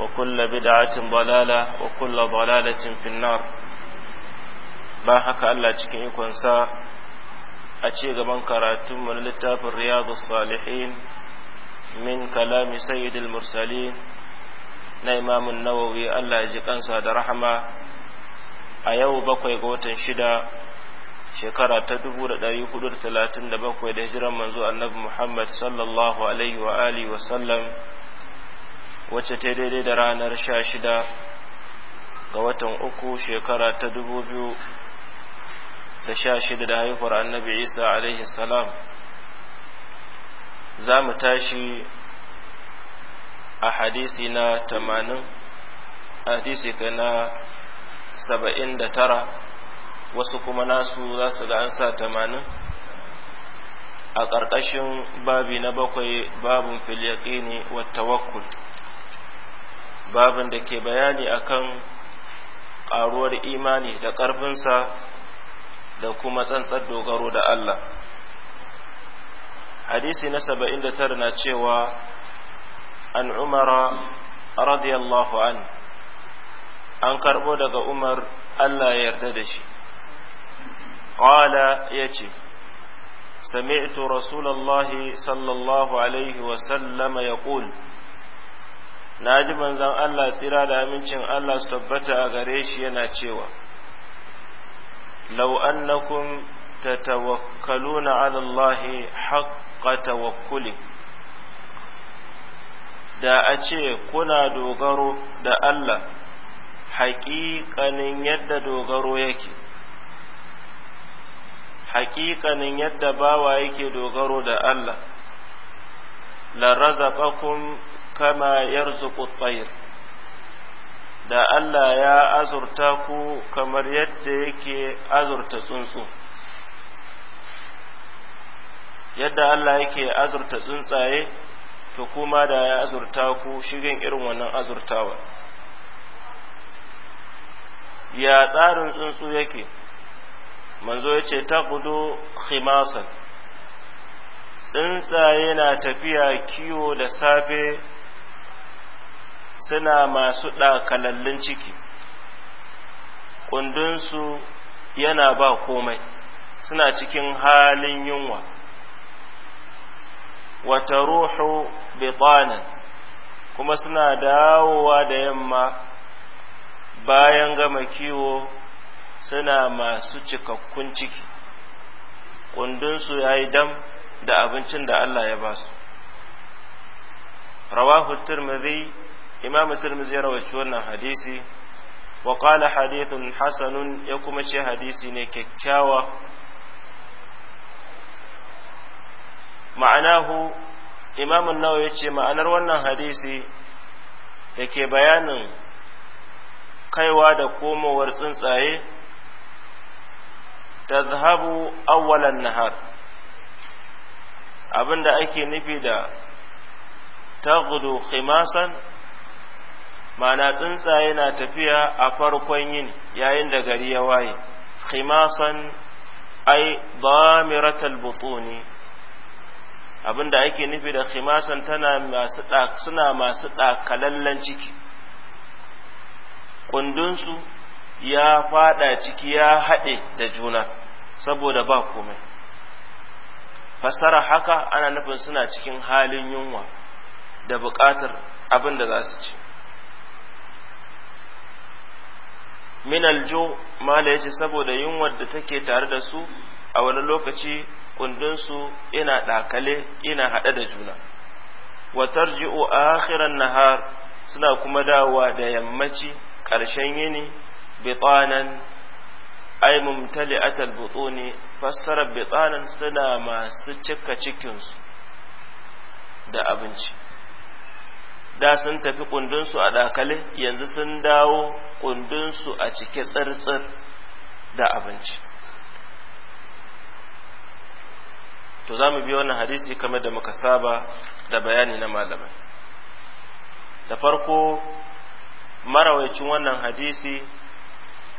وكل بدعة ضلالة وكل ضلالة في النار ما حكى الله cikin ikonsa a ci gaban karatun mun littafin riyadus salihin min kalami sayyidil mursalin na imam an-nawawi Allah ya ji kansa da rahama a yau bakwai ga watan shida shekara ta 1437 da hijiran manzo annabi Muhammad sallallahu alaihi wa wa sallam wacce ta daidai da ranar sha shida ga watan uku shekara ta dubu biyu da sha shida da haihuwar annabi isa alaihi salam za mu tashi a hadisi na tamanin hadisi na saba'in da tara wasu kuma nasu za su ga an sa tamanin a ƙarƙashin babi na bakwai babin fil ne wa tawakkul babin da ke bayani akan ƙaruwar imani da ƙarfinsa da kuma tsantsar dogaro da Allah hadisi na saba'in da tara na cewa an umara radiyallahu an an karɓo daga umar Allah ya yarda da shi ƙwala ya ce sami'tu rasulallah sallallahu alaihi wasallam ya ƙul na ji manzon Allah tsira da amincin Allah su tabbata a gare shi yana cewa law annakum tatawakkaluna ala Allah haqqa tawakkuli da a ce kuna dogaro da Allah haƙiƙanin yadda dogaro yake haƙiƙanin yadda bawa yake dogaro da Allah la razaqakum kama yarzuqu tsayir da Allah ya azurta ku kamar yadda yake azurta tsuntsu yadda Allah yake azurta tsuntsaye to kuma da ya azurta ku shigen irin wannan azurtawa ya tsarin tsuntsu yake manzo ya ce ta gudu khimasan tsuntsaye na tafiya kiwo da safe suna masu ɗakalallin ciki ƙundunsu yana ba komai suna cikin halin yunwa wata ruhu bitanin kuma suna dawowa da yamma bayan gama kiwo suna masu cikakkun ciki ƙundunsu ya yi dam da abincin da Allah ya ba su rawahu tirmidhi Imamin tirmidhi ya wannan hadisi waƙala qala hadithun hasanun ya kuma ce hadisi ne kyakkyawa ma'anahu imam an-nawawi ma'anar wannan hadisi da ke bayanin kaiwa da komowar tsuntsaye tazhabu awwalan nahar abinda ake nufi da taghdu khimasan mana tsuntsaye na tafiya a farkon yin yayin da gari ya waye khimasan ai damiratal butuni abinda ake nufi da khimasan tana masu suna masu ɗakalallen ciki su ya fada ciki ya haɗe da juna saboda ba komai fasara haka ana nufin suna cikin halin yunwa da buƙatar abin da za su ci min aljo mala yace saboda yunwar da take tare da su a wani lokaci kundinsu ina ɗakale ina haɗe da juna wa tarji'u akhiran nahar suna kuma dawowa da yammaci ƙarshen yini bitanan ay mumtali'at al-butuni fassara bitanan suna masu cika cikinsu da abinci da sun tafi kundinsu a dakale yanzu sun dawo kundinsu a cike tsirtsir da abinci to za mu biyo wannan hadisi kamar da muka saba da bayani na malamai da farko marawaicin wannan hadisi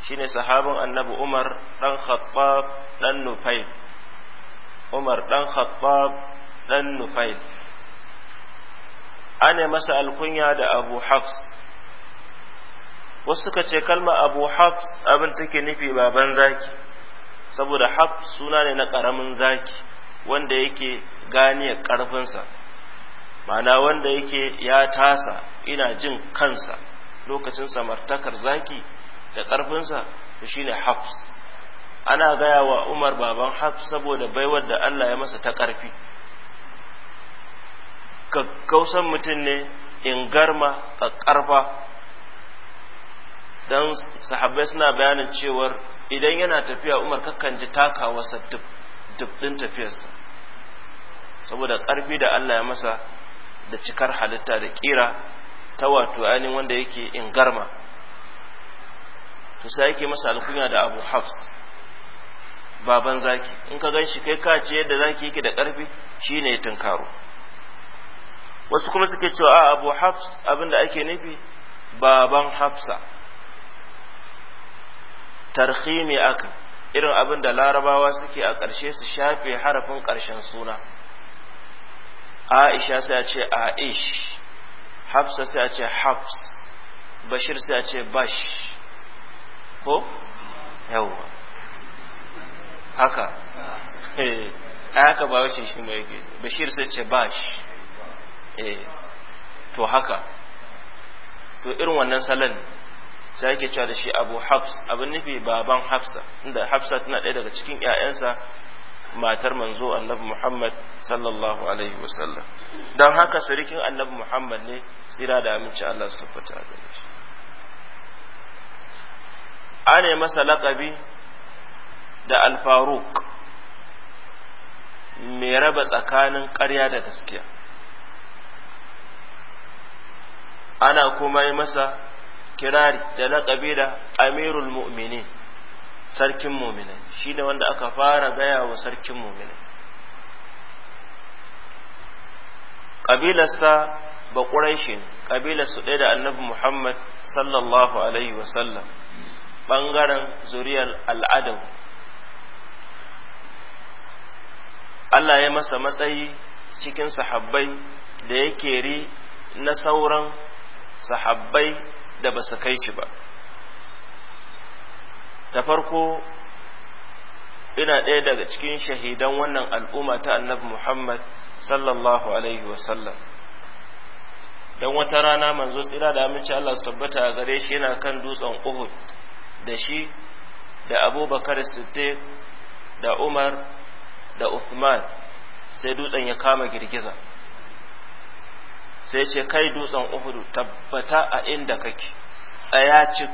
shine sahabin annabi umar dan khattab dan nufail umar dan khattab dan nufail ana masa alkunya da abu hafs wasu suka ce kalma abu hafs abin take nufi baban zaki saboda hafs suna ne na ƙaramin zaki wanda yake gane ƙarfinsa mana wanda yake ya tasa ina jin kansa lokacin samartakar zaki da ƙarfinsa to shine hafs ana gaya wa umar baban hafs saboda baiwar da allah ya masa ta ƙarfi gaggausan mutum ne in garma ƙarfa don sahabbai suna bayanin cewar idan yana tafiya umar kakan ji takawarsa duk ɗin tafiyarsa saboda ƙarfi da Allah ya masa da cikar halitta da ƙira ta wato ainihin wanda yake in garma to sai yake masa alkunya da abu hafs baban zaki in ka gan shi kai kace yadda zaki yake da ƙarfi ya tunkaro wasu kuma suke cewa a abu hafs abinda ake nufi baban hafsa tarhimi aka irin abin da larabawa suke a ƙarshe su shafe harafin ƙarshen suna aisha sai a ce aish hafsa sai a ce hafs bashir sai a ce bash ko yawwa haka eh, haka ba washin shi mai bashir sai ce bash E to haka to irin wannan salon sai yake cewa da shi abu hafs abin nufi baban hafsa inda hafsa tana ɗaya daga cikin 'ya'yansa matar manzo annabi muhammad sallallahu alaihi wasallam don haka sirikin annabi muhammad ne tsira da aminci allah su tabbata da shi ana masa laƙabi da alfaruk mai raba tsakanin ƙarya da gaskiya ana kuma yi masa kirari da laƙabi da amirul mu'mini sarkin mu'mini shi ne wanda aka fara gaya wa sarkin mu'mini ƙabilarsa ba ƙuraishi ne su ɗaya da annabi muhammad sallallahu alaihi wasallam ɓangaren zuriyar al'adau Allah ya masa matsayi cikin sahabbai da ya keri na sauran sahabbai da ba su kai shi ba ta farko ina ɗaya daga cikin shahidan wannan al'umma ta annabi Muhammad sallallahu alaihi wasallam don wata rana manzo tsira da aminci Allah su tabbata a gare shi yana kan dutsen Uhud da shi da abubakar siddiq da Umar da Uthman sai dutsen ya kama girgiza sai ce kai dutsen uhudu tabbata a inda kake tsaya cik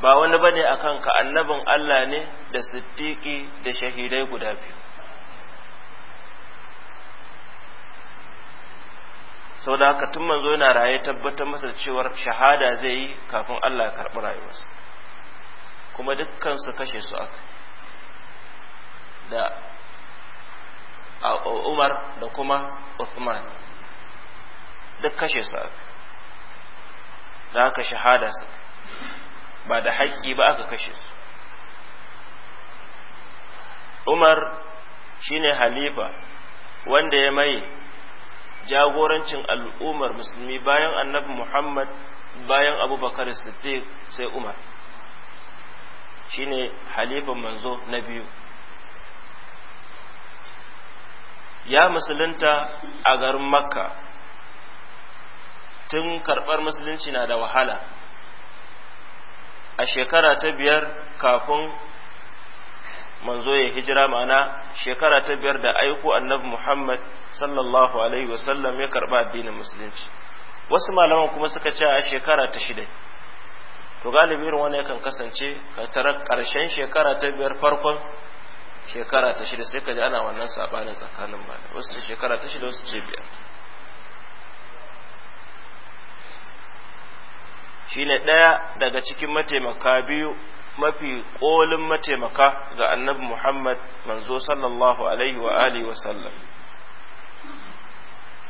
ba wani bane a kanka annabin Allah ne da siddiƙi da shahidai guda biyu sau da haka tun manzo yana raye tabbatar masa cewar shahada zai yi kafin Allah ya karɓi rayuwarsa kuma dukkan su kashe su aka da Umar da kuma Uthman duk kashe su aka da aka shahada su ba da haƙƙi ba aka kashe su umar shine halifa wanda ya mai jagorancin al'ummar musulmi bayan annabi muhammad bayan abubakar siddiq sai umar shine halifan manzo na biyu ya musulunta a garin makka tun karɓar musulunci na da wahala a shekara ta biyar kafin manzo ya hijira ma'ana shekara ta biyar da aiko annabi Muhammad sallallahu alaihi wasallam ya karba addinin musulunci wasu malaman kuma suka ce a shekara ta shida to galibi irin wani yakan kasance ka tara karshen shekara ta biyar farkon shekara ta shida sai ka ji ana wannan sabanin tsakanin ba wasu ce shekara ta shida wasu ce biyar shine ɗaya daga cikin mataimaka biyu mafi kolin mataimaka ga annabi Muhammad manzo sallallahu alaihi wa alihi wa sallam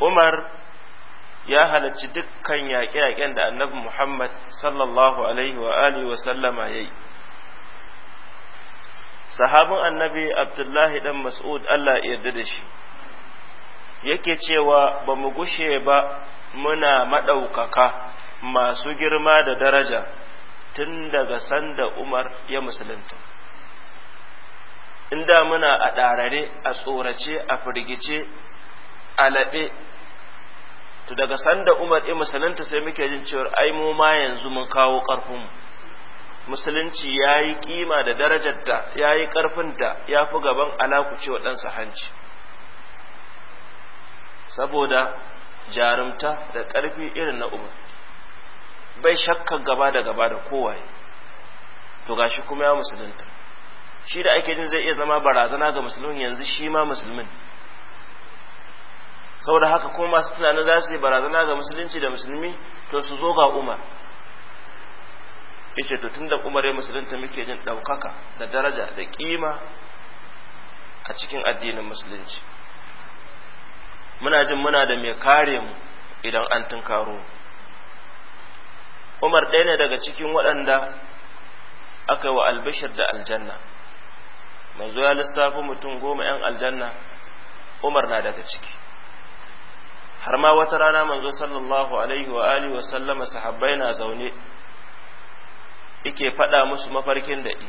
Umar ya halarci dukkan yaƙe-yaƙen da annabi Muhammad sallallahu alaihi wa alihi wa sallama yayi sahabin annabi Abdullahi dan Mas'ud Allah ya yarda da shi yake cewa ba mu gushe ba muna maɗaukaka masu girma da daraja tun daga sanda umar ya musulunta inda muna a ɗarare a tsorace a firgice a laɓe to daga sanda umar ya musulunta sai muke jin cewar ai mu ma yanzu mun kawo ƙarfinmu musulunci ya yi ƙima da darajar da ya yi ƙarfin da ya fi gaban alakuce wa ɗansa hanci saboda jarumta da ƙarfi irin na umar bai shakkar gaba da gaba da kowaye to gashi kuma ya musulunta shi da ake jin zai iya zama barazana ga musulmin yanzu shi ma musulmin saboda haka kuma masu tunanin za su yi barazana ga musulunci da musulmi to su zo ga umar yace to tunda umar ya musulunta muke jin ɗaukaka da daraja da kima a cikin addinin musulunci muna jin muna da mai kare mu idan an tunkaro mu umar ɗaya ne daga cikin waɗanda aka yi wa albishir da aljanna mai zuwa lissafin mutum goma 'yan aljanna umar na daga ciki har ma wata rana manzo sallallahu alaihi wa alihi wa sallama sahabbai na zaune yake faɗa musu mafarkin da i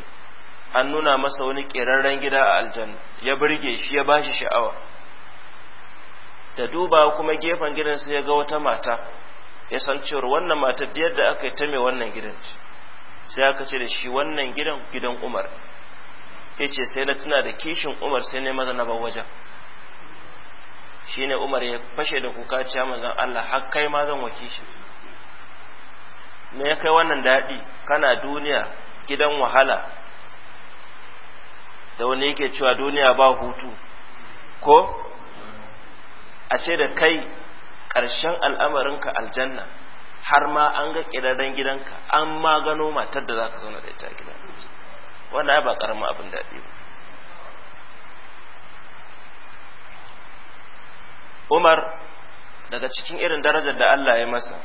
an nuna masa wani ƙerarren gida a aljanna ya burge shi ya bashi sha'awa da duba kuma gefen gidan sai ya ga wata mata ya san cewar wannan matar da yadda aka yi ta mai wannan gidan ce sai aka ce da shi wannan gidan gidan umar ya ce sai na tuna da kishin umar sai ne maza na bar wajen shine umar ya fashe da kuka ciya manzon Allah har kai ma zan waki shi me ya kai wannan daɗi kana duniya gidan wahala da wani yake cewa duniya ba hutu ko a ce da kai ƙarshen al'amarinka aljanna har ma an ga gidan gidanka an ma gano matar da za ka zauna da ita gidan wanda ba ƙaramin abin daɗi ba umar daga cikin irin darajar da allah ya masa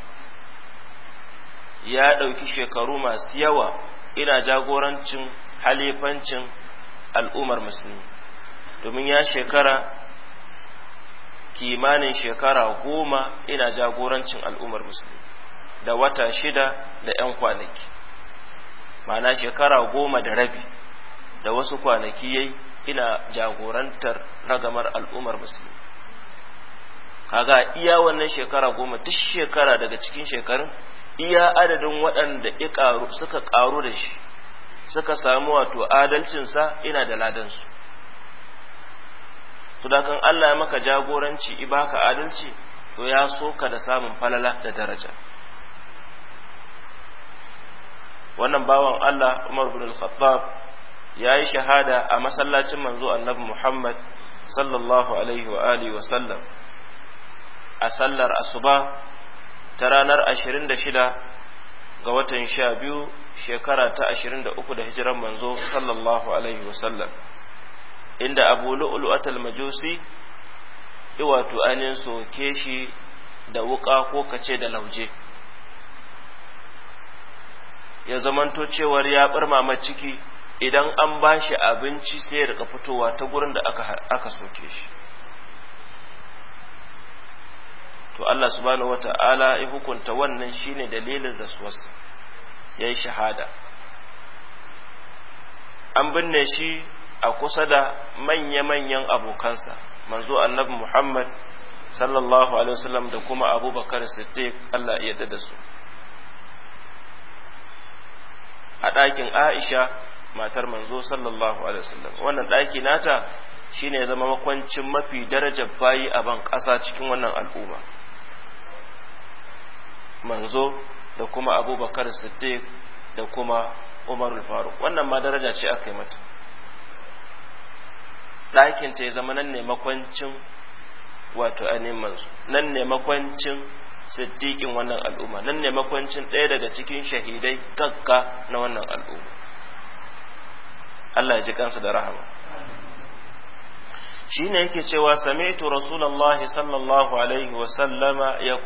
ya ɗauki shekaru masu yawa ina jagorancin halifancin al'ummar musulmi domin ya shekara kimanin shekara goma ina jagorancin al'ummar musulmi da wata shida da 'yan kwanaki mana shekara goma da rabi da wasu kwanaki yai ina jagorantar ragamar al'ummar musulmi kaga iya wannan shekara goma duk shekara daga cikin shekarun iya adadin waɗanda suka ƙaru da shi suka samu wato adalcinsa ina da ladansu su da kan Allah ya maka jagoranci baka adalci to ya so ka da samun falala da daraja wannan bawan Allah Umar bin Al-Khattab ya yi shahada a masallacin manzo Annabi Muhammad sallallahu alaihi wa alihi wa sallam a sallar asuba ta ranar 26 ga watan 12 shekara ta 23 da hijiran manzo sallallahu alaihi wa sallam inda abu lu'lu'at atal majusi wato anin soke shi da wuka ko kace da lauje ya zamanto cewar ya birmama ciki idan an ba shi abinci sai ya rika fitowa ta gurin da aka soke shi to Allah subhanahu wata'ala ya hukunta wannan shine dalilin rasuwar ya yi shahada an binne shi a kusa da manya-manyan abokansa manzo annabi Muhammad sallallahu alaihi wasallam da kuma abubakar siddiq Allah ya yarda da su a ɗakin Aisha matar manzo sallallahu alaihi wasallam wannan ɗaki nata shine ya zama makwancin mafi darajar bayi a ban ƙasa cikin wannan al'umma manzo da kuma abubakar siddiq da kuma umarul faruk wannan ma daraja ce aka yi mata Dakin ta ya zama nan ne makwancin wato ainihin nan ne makwancin siddiƙin wannan al'umma nan ne makwancin ɗaya daga cikin shahidai gagga na wannan al'umma Allah ya ji kansa da rahama shi ne yake cewa sami'tu rasulallahi sallallahu alaihi wa sallama ya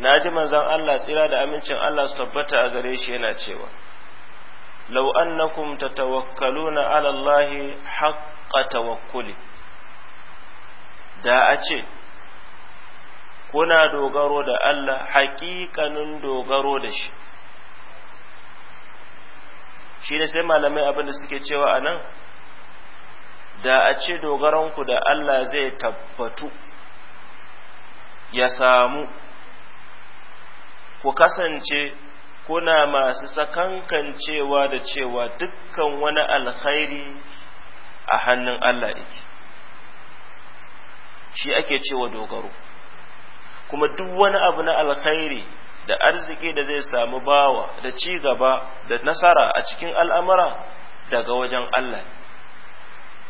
na ji manzan Allah tsira da amincin Allah su tabbata a gare shi yana cewa لو أنكم تتوكلون على الله حق توكله da a ce kuna dogaro da Allah haƙiƙanin dogaro da shi shi ne sai malamai abinda suke cewa a nan da a ce ku da Allah zai tabbatu ya samu ku kasance kuna masu sakankancewa da cewa dukkan wani alkhairi a hannun Allah yake shi ake cewa dogaro kuma duk wani abu na alkhairi da arziki da zai samu bawa da ci gaba da nasara a cikin al'amura daga wajen Allah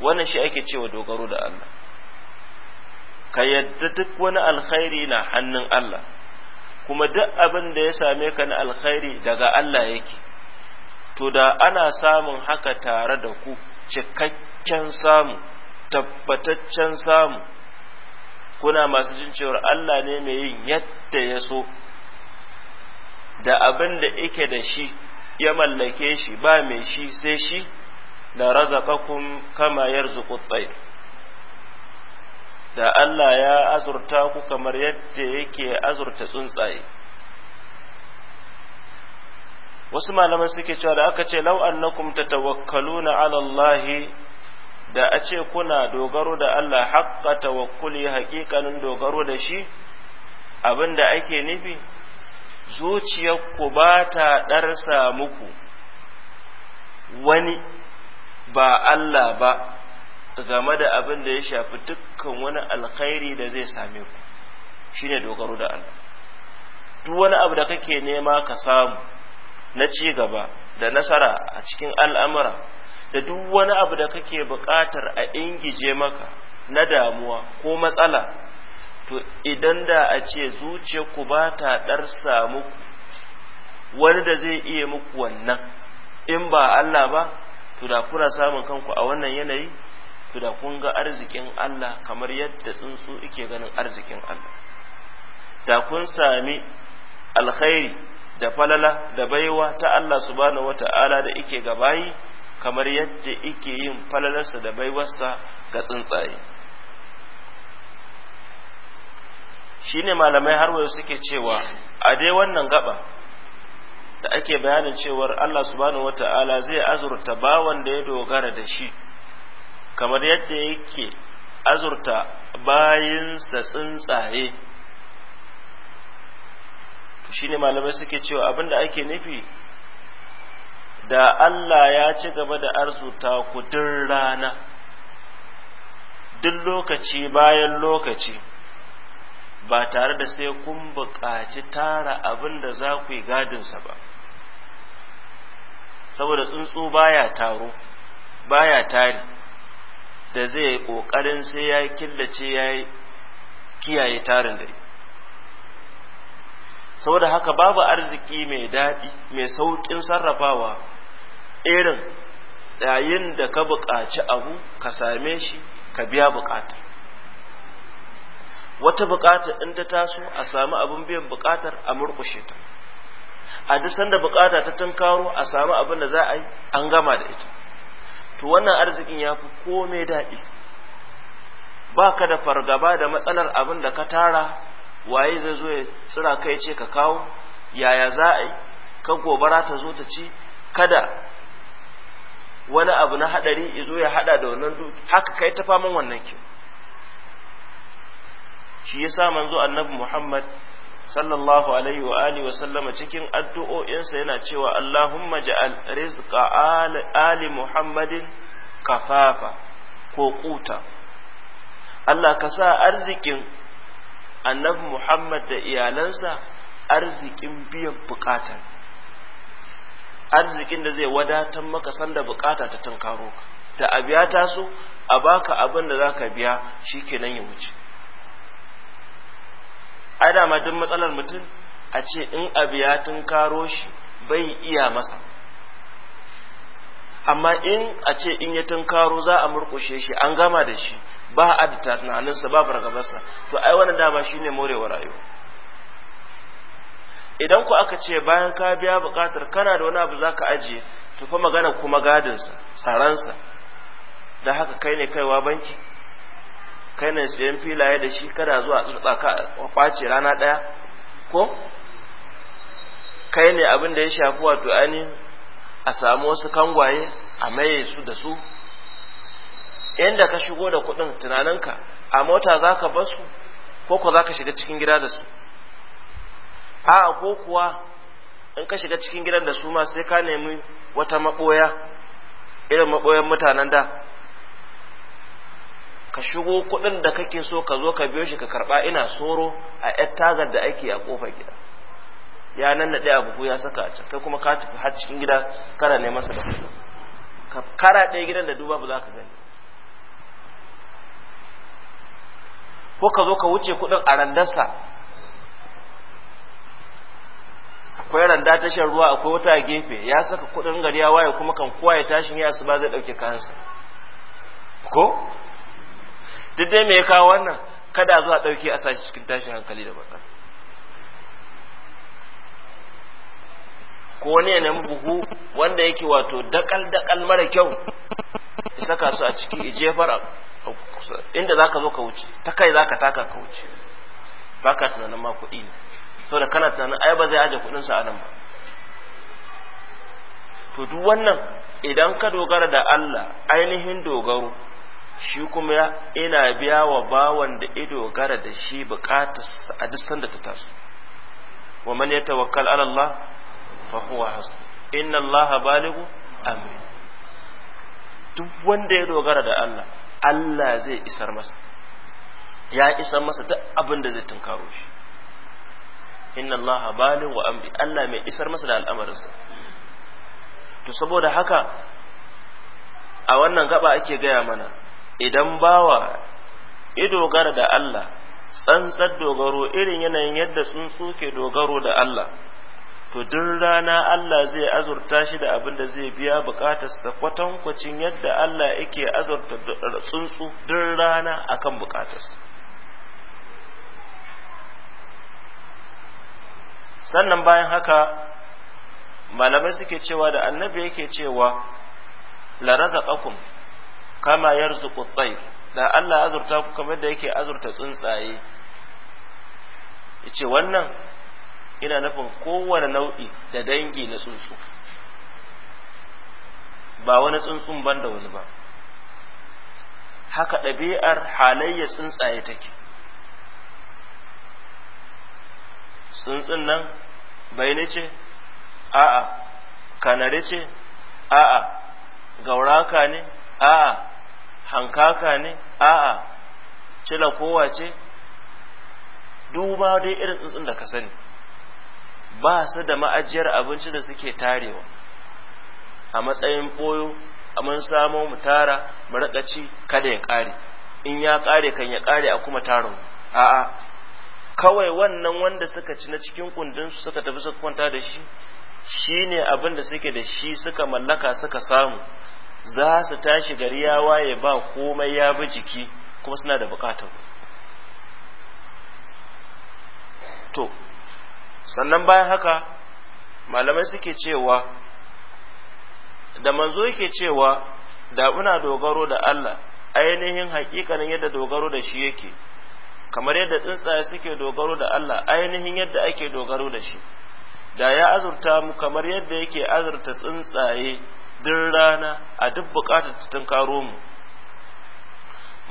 wannan shi ake cewa dogaro da Allah ka yadda duk wani alkhairi na hannun Allah kuma duk abin da ya same ka na alkhairi daga Allah yake to da ana samun haka tare da ku cikakken samu tabbataccen samu kuna masu jin cewar Allah ne mai yin yadda ya so da abin da ike da shi ya mallake shi ba mai shi sai shi da razaqakum kama yarzuqut tayr da Allah ya azurta ku kamar yadda yake azurta tsuntsaye wasu malaman suke cewa da aka ce lau annakum tatawakkaluna ala Allah da a ce kuna dogaro da Allah haqqa tawakkuli haƙiƙanin dogaro da shi abinda ake nufi zuciyarku ba ta ɗarsa muku wani ba Allah ba game da abin da ya shafi duk akan wani alkhairi da zai same ku shine dogaro da Allah duk wani abu da kake nema ka samu na ci gaba da nasara a cikin al'amura da duk wani abu da kake buƙatar a ingije maka na damuwa ko matsala to idan da a ce zuciyarku ba ta ɗarsa muku wani da zai iya muku wannan in ba Allah ba to da kuna samun kanku a wannan yanayi to da kun ga arzikin Allah kamar yadda tsuntsu yake ganin arzikin Allah da kun sami alkhairi da falala da baiwa ta Allah subhanahu wata'ala da yake gabayi kamar yadda yake yin falalarsa da baiwarsa ga tsuntsaye shine malamai har wayo suke cewa a dai wannan gaba da ake bayanin cewar Allah subhanahu wata'ala zai azurta bawan da ya dogara da shi kamar yadda yake azurta bayinsa tsuntsaye shine malamai suke cewa abinda ake nufi da Allah ya ci gaba da arzuta ku duk rana duk lokaci bayan lokaci ba tare da sai kun buƙaci tara abin da za ku yi gadinsa ba saboda tsuntsu baya taro baya tari da zai kokarin sai ya killace ya kiyaye tarin dare saboda haka babu arziki mai daɗi mai sauƙin sarrafawa irin yayin da ka buƙaci abu ka same shi ka biya buƙatar wata buƙatar in ta taso a samu abin biyan buƙatar a murƙushe ta a duk sanda buƙata ta tunkaro a samu abin da za a yi an gama da ita to wannan arzikin ya fi komai daɗi ba ka da fargaba da matsalar abin da ka tara waye zai zo ya tsira kai ce ka kawo yaya za a yi ka gobara ta zo ta ci kada wani abu na haɗari ya zo ya haɗa da wannan duki haka kai ta faman wannan kyau shi yasa manzo annabi Muhammad sallallahu alaihi wa alihi wa sallama cikin addu'o'insa yana cewa Allahumma ja'al rizqa ali Muhammadin kafafa ko kuta Allah ka sa arzikin annabi Muhammad da iyalansa arzikin biyan bukata arzikin da zai wadatar maka sanda bukata ta tunkaro ka da abiya taso a baka abin da zaka biya shikenan ya wuce ai dama duk matsalar mutum a ce in abu ya tunkaro shi bai iya masa amma in a ce in ya tunkaro za a murkushe shi an gama da shi ba a da tunaninsa ba fargabarsa to ai wannan dama shine morewa rayuwa idan ku aka ce bayan ka biya buƙatar kana da wani abu zaka ajiye to fa magana kuma gadinsa tsaransa da haka kai ne kaiwa banki kai ne sayan filaye da shi kada zuwa tsutsa ka kwace rana ɗaya ko kai ne abin da ya shafi wato ani a samu wasu kangwaye a maye su da su inda ka shigo da kuɗin tunaninka a mota za ka basu ko ko za ka shiga cikin gida da su a ko kuwa in ka shiga cikin gidan da su ma sai ka nemi wata maɓoya irin maɓoyan mutanen da ka shigo kudin da kake so ka zo ka biyo shi ka karɓa ina soro a ‘yar tagar da ake a kofar gida ya nan na ɗaya buhu ya saka a can kai kuma ka tafi har cikin gida kara ne masa da ka kara ɗaya gidan da duba ba za ka gani ko ka zo ka wuce kudin a randarsa akwai randa tashar ruwa akwai wata a gefe ya saka kudin gari ya waye kuma kan kowa ya tashin ya asuba zai ɗauke kansa. ko duk dai me ya kawo wannan kada zuwa ɗauke a sashi cikin tashin hankali da matsa ko wani ya nemi buhu wanda yake wato dakal dakal mara kyau ya saka su a ciki ya jefar inda za ka zo ka wuce ta kai za ka taka ka wuce ba ka tunanin ma kuɗi ne saboda kana tunanin ai ba zai aje kuɗinsa a nan ba to duk wannan idan ka dogara da Allah ainihin dogaro shi kuma ina biya wa bawan da ido gara da shi bukatarsa a duk sanda ta taso wa man ya tawakkal ala Allah fa huwa hasbu inna Allah baligu amri duk wanda ya dogara da Allah Allah zai isar masa ya isar masa duk abin da zai tunkaro shi inna Allah baligu amri Allah mai isar masa da al'amarinsa to saboda haka a wannan gaba ake gaya mana idan bawa idogara da Allah tsantsar dogaro irin yanayin yadda tsuntsu ke dogaro da Allah to duk rana Allah zai azurta shi da abin da zai biya bukatarsa kwatankwacin yadda Allah yake azurta tsuntsu duk rana akan bukatarsa sannan bayan haka malamai suke cewa da annabi yake cewa la razaqakum kama yarzuqu tsayf da Allah azurta ku kamar da yake azurta tsuntsaye yace wannan ina nufin kowane nau'i da dangi na tsuntsu ba wani tsuntsu ban da wani ba haka ɗabi'ar halayya tsuntsaye take tsuntsun nan baini ce a'a kanare ce a'a gauraka ne a'a hankaka ne a'a cila kowa ce duba dai irin tsuntsun da ka sani ba su da ma'ajiyar abinci da suke tarewa a matsayin boyo a mun samo mu tara mu raka ci kada ya ƙare in ya ƙare kan ya ƙare a kuma tarin a'a kawai wannan wanda suka ci na cikin kundin su suka tafi suka kwanta da shi shine abin da suke da shi suka mallaka suka samu za su tashi gari ya waye ba komai ya bi jiki kuma suna da bukatar to sannan bayan haka malamai suke cewa da manzo yake cewa da muna dogaro da Allah ainihin hakikanin yadda dogaro da shi yake kamar yadda tsuntsaye suke dogaro da Allah ainihin yadda ake dogaro da shi da ya azurta mu kamar yadda yake azurta tsuntsaye duk rana a duk bukatar tun karo mu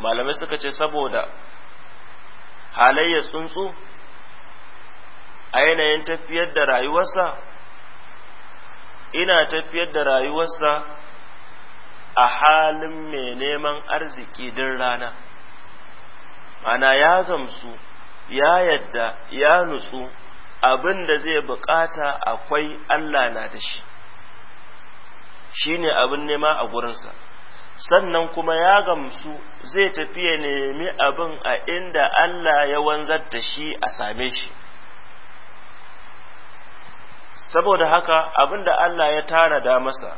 malamai suka ce saboda halayya tsuntsu a yanayin tafiyar da rayuwarsa ina tafiyar da rayuwarsa a halin mai neman arziki din rana ana ya gamsu ya yadda ya nutsu abin da zai bukata akwai Allah na da shi shine abin nema a gurinsa sannan kuma ya gamsu zai tafi ya nemi abin a inda Allah ya wanzar da shi a same shi saboda haka abin da Allah ya tara da masa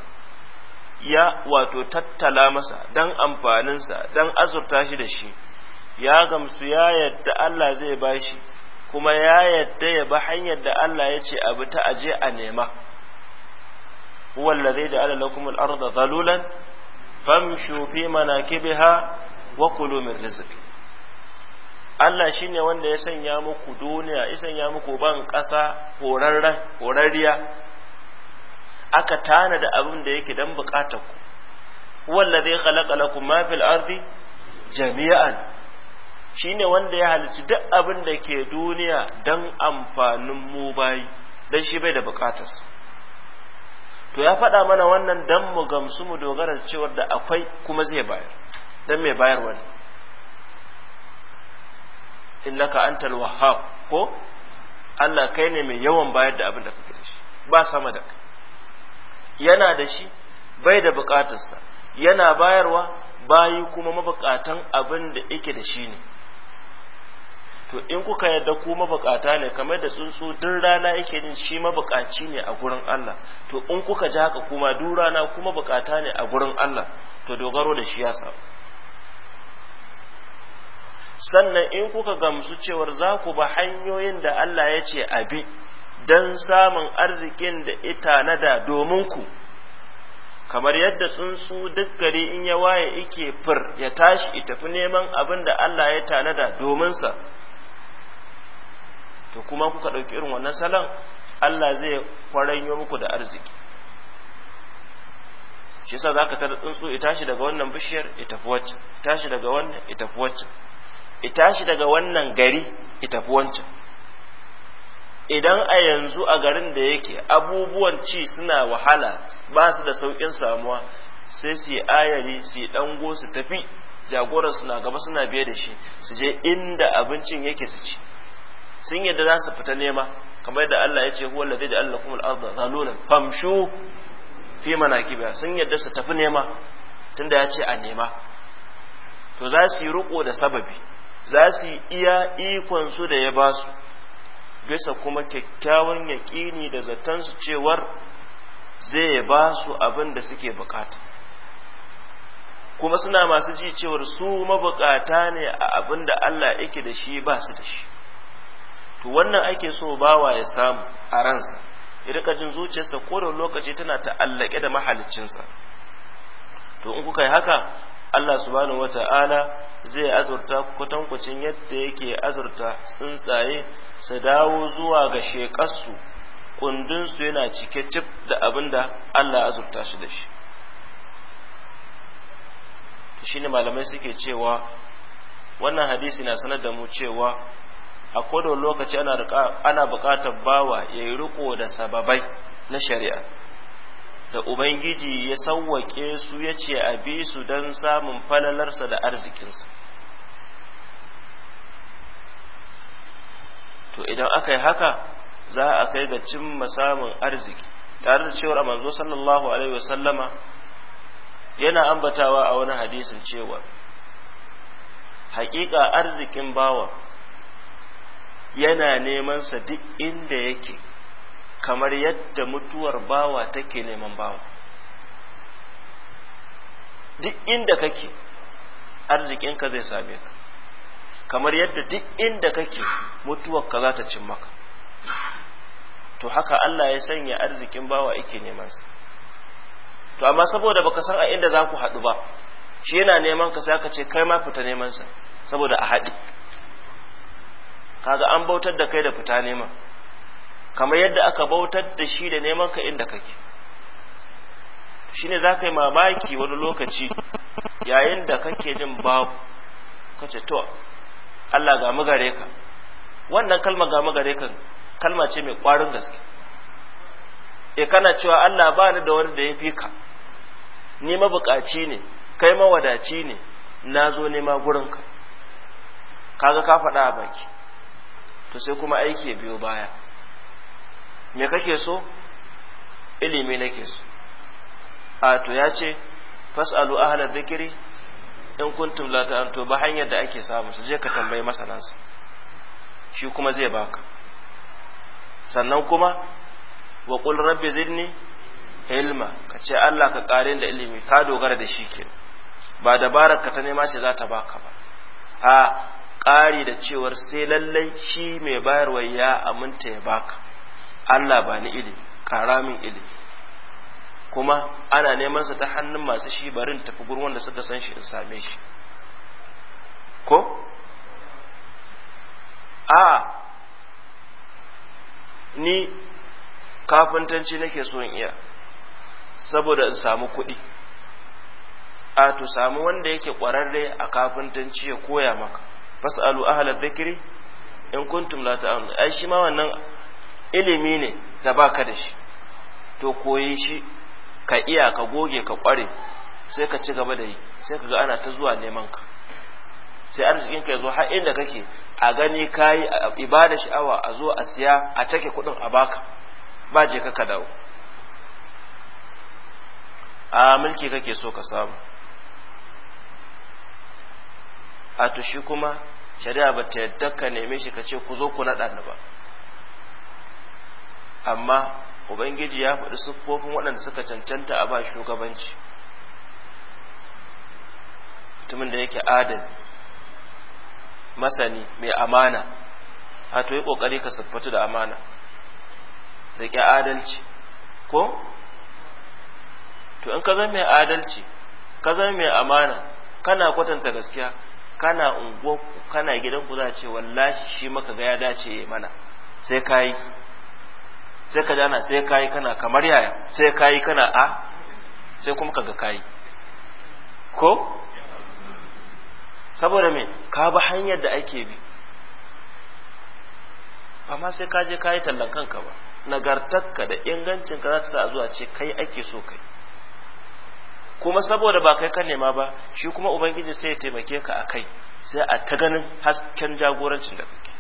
ya wato tattala masa don amfaninsa don azurta shi da shi ya gamsu ya yadda Allah zai bashi kuma ya yadda ya ba hanyar da Allah ya ce abu ta aje a nema هو الذي جعل لكم الأرض ظلولا فامشوا في مناكبها manakibiha من رزق Allah shi Allah shine wanda ya sanya muku duniya ya sanya muku ban ƙasa horarriya aka tana da abin da yake don buƙatar ku wallazi khalaqa lakum ma ardi jami'an ne wanda ya halici duk abin da ke duniya don amfanin mu bayi don shi bai da buƙatarsa to ya faɗa mana wannan dan mu gamsu mu dogara da cewar da akwai kuma zai bayar dan mai bayar wani innaka antal wahhab ko Allah kai ne mai yawan bayar da abin da kake da shi ba sama da kai yana da shi bai da bukatarsa yana bayarwa bayi kuma mabukatan abin da yake da shi ne to in kuka yarda ku mabukata ne kamar da tsuntsu duk rana yake jin shi mabukaci ne a gurin Allah to in kuka ji haka kuma duk rana ku mabukata ne a gurin Allah to dogaro da shi ya sannan in kuka gamsu cewar za ku ba hanyoyin da Allah ya ce a bi don samun arzikin da ita na da domin ku kamar yadda tsuntsu duk gari in ya waye ike fir ya tashi ya tafi neman abin da Allah ya tanada domin sa to kuma kuka ɗauki irin wannan salon Allah zai kwaranyo muku da arziki shi yasa zaka tada tsuntsu ya tashi daga wannan bishiyar ya tafi waccan tashi daga wannan ya tafi waccan ya tashi daga wannan gari ya tafi wancan idan a yanzu a garin da yake abubuwan ci suna wahala ba su da sauƙin samuwa sai su yi ayari su yi ɗango su tafi jagorar suna gaba suna biye da shi su je inda abincin yake su ci sun yadda za su fita nema kamar yadda Allah ya ce huwa alladhi ja'ala lakum al-ardha zalulan famshu fi manakibiha sun yadda su tafi nema tunda ya ce a nema to za su yi riko da sababi za su iya ikon su da ya ba su bisa kuma kyakkyawan yaƙini da zaton su cewar zai ba su abin da suke bukata kuma suna masu ji cewar su mabukata ne a abin da Allah yake da shi ba su da shi to wannan ake so bawa ya samu a ransa ya jin zuciyarsa ko da lokaci tana ta'allake da mahaliccinsa to in kuka yi haka Allah subhanahu wata'ala zai azurta kwatankwacin yadda yake azurta tsuntsaye su dawo zuwa ga shekarsu kundinsu yana cike cif da abinda Allah azurta shi da shi shi ne malamai suke cewa wannan hadisi na sanar da mu cewa a kodon lokaci ana ana buƙatar bawa ya yi riko da sababai na shari'a da ubangiji ya sawwake su ya ce a bi su don samun falalarsa da arzikinsa to idan aka yi haka za a kai ga cimma samun arziki tare da cewar manzo sallallahu alaihi wasallama yana ambatawa a wani hadisin cewa Hakika arzikin bawa yana neman sa duk inda yake kamar yadda mutuwar bawa take neman bawa duk inda kake arzikinka zai same ka kamar yadda duk inda kake mutuwarka za ta cin maka to haka Allah ya sanya arzikin bawa yake neman sa to amma saboda baka san a inda za ku haɗu ba shi yana neman ka sai aka ce kai ma fita neman sa saboda a haɗi kaga an bautar da kai da fita nema kamar yadda aka bautar da shi da neman ka inda kake shine za yi mamaki wani lokaci yayin da kake jin babu kace to Allah ga gare ka wannan kalma ga gare ka kalma ce mai kwarin gaske e kana cewa Allah ba ni da wani da ya fi ka ni mabukaci ne kai mawadaci ne na zo nema ka kaga ka faɗa a baki to sai kuma aiki ya biyo baya me kake so ilimi nake so a to ya ce fas'alu ahla dhikri in kuntum la ta'antu ba hanyar da ake samu su je ka tambayi su. shi kuma zai baka sannan kuma wa qul rabbi zidni ilma ka ce Allah ka kare da ilimi ka dogara da shi ke ba dabarar ka ta nema shi za ta baka ba a ƙari da cewar sai lallai shi mai bayarwa ya aminta ya baka Allah ba ni ilimi ƙara min ilimi kuma ana neman sa ta hannun masu shi barin tafi gurin da suka san shi in same shi ko a ni kafintanci nake so in iya saboda in samu kuɗi a to samu wanda yake ƙwararre a kafintanci ya koya maka fas'alu ahla dhikri in kuntum la ta'lamun ai shi ma wannan ilimi ne da baka da shi to koyi shi ka iya ka goge ka kware sai ka ci gaba da yi sai kaga ana ta zuwa neman ka sai arzikin ka yazo har inda kake a gani kayi ibada sha'awa a zo a siya a take kudin a baka ba je ka ka dawo a mulki kake so ka samu a to shi kuma shari'a ba ta yadda ka neme shi ka ce ku zo ku naɗa ni ba amma ubangiji ya faɗi siffofin waɗanda suka cancanta a ba shugabanci mutumin da yake adal masani mai amana a to yi ƙoƙari ka siffatu da amana riƙe adalci ko to in ka zama mai adalci ka zama mai amana kana kwatanta gaskiya kana unguwarku kana gidanku za a ce wallahi shi maka ga ya dace mana sai kayi sai ka jana sai kayi kana kamar yaya sai kayi kana a sai kuma ka ga kayi ko saboda me ka bi hanyar da ake bi amma sai ka je kayi tallan kanka ba nagartakka da ingancinka za ta sa a zuwa ce kai ake so kai kuma saboda ba kai ka nema ba shi kuma ubangiji sai ya taimake ka a kai sai a ta ganin hasken jagorancin da kake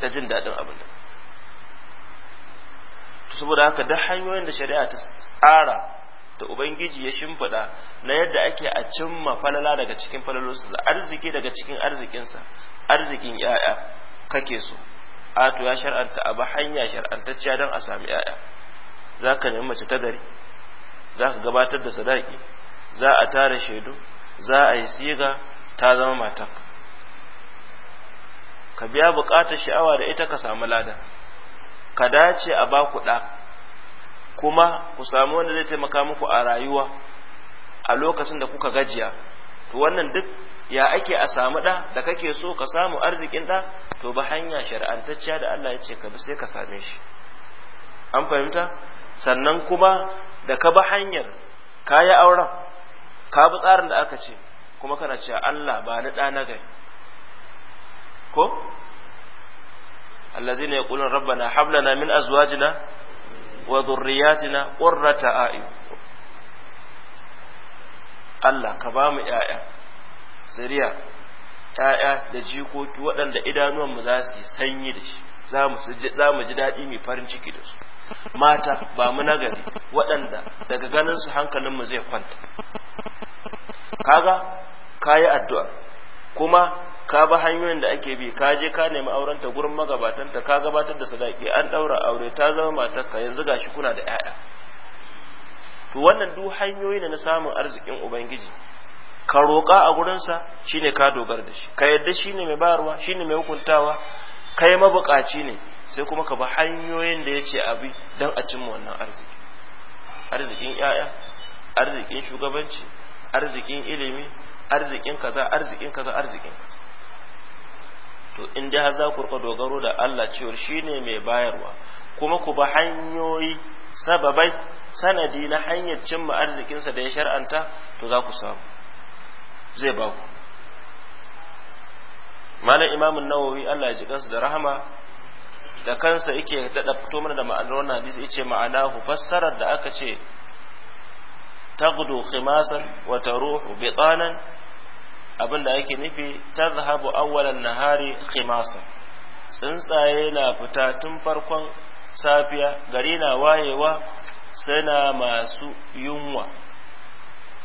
da jin daɗin abin da saboda haka duk hanyoyin da shari'a ta tsara da ubangiji ya shimfiɗa na yadda ake a cimma falala daga cikin falalosu da arziki daga cikin arzikinsa arzikin ya'ya kake so ato ya shar'anta ba hanya shar'antacciya don a sami ya'ya za ka nemi mace ta gari za ka gabatar da sadaki za a tara shaidu za a yi siga ta zama matak ka biya bukatar sha'awa da ita ka samu lada ka dace a baku ɗa kuma ku samu wanda zai taimaka muku a rayuwa a lokacin da kuka gajiya to wannan duk ya ake a samu ɗa da kake so ka samu arzikin ɗa to ba hanya shari'antacciya da Allah ya ce ka bi sai ka same shi an fahimta sannan kuma da ka ba hanyar kayi auren ka bi tsarin da aka ce kuma kana cewa Allah ba ni ɗa na gari ko allazina yaqulun rabbana hab lana min azwajina wa dhurriyyatina qurrata a'yun Allah ka ba mu yaya zuriya ‘ya’ya da jikoki waɗanda mu za su yi sanyi da shi za mu ji daɗi mai farin ciki da su mata ba mu nagari waɗanda daga ganin su hankalinmu zai kwanta kaga kayi addu'a kuma ka ba hanyoyin da ake bi ka je ka nemi aurenta gurin magabatanta ka gabatar da sadaki an daura aure ta zama matar ka yanzu gashi kuna da 'ya'ya to wannan duk hanyoyi ne na samun arzikin ubangiji ka roƙa a gurinsa shine ka dogara da shi ka yadda shine mai bayarwa shine mai hukuntawa kai mabukaci ne sai kuma ka ba hanyoyin da ya ce abi dan a cimma wannan arziki arzikin 'ya'ya arzikin shugabanci arzikin ilimi arzikin kaza arzikin kaza arzikin kaza to in dai har za ku rika dogaro da Allah cewa shine mai bayarwa kuma ku ba hanyoyi sababai sanadi na hanyar cimma arzikinsa da ya shar'anta to za ku samu zai ba ku malam imamun nawawi Allah ya ji kansa da rahama da kansa yake daɗa fito mana da ma'anar wannan hadisi yace ma'ana fassarar da aka ce taghdu khimasan wa taruhu bitanan abinda ake nufi tazhabu awwalan nahari khimasan tsuntsaye na fita tun farkon safiya gari na wayewa suna masu yunwa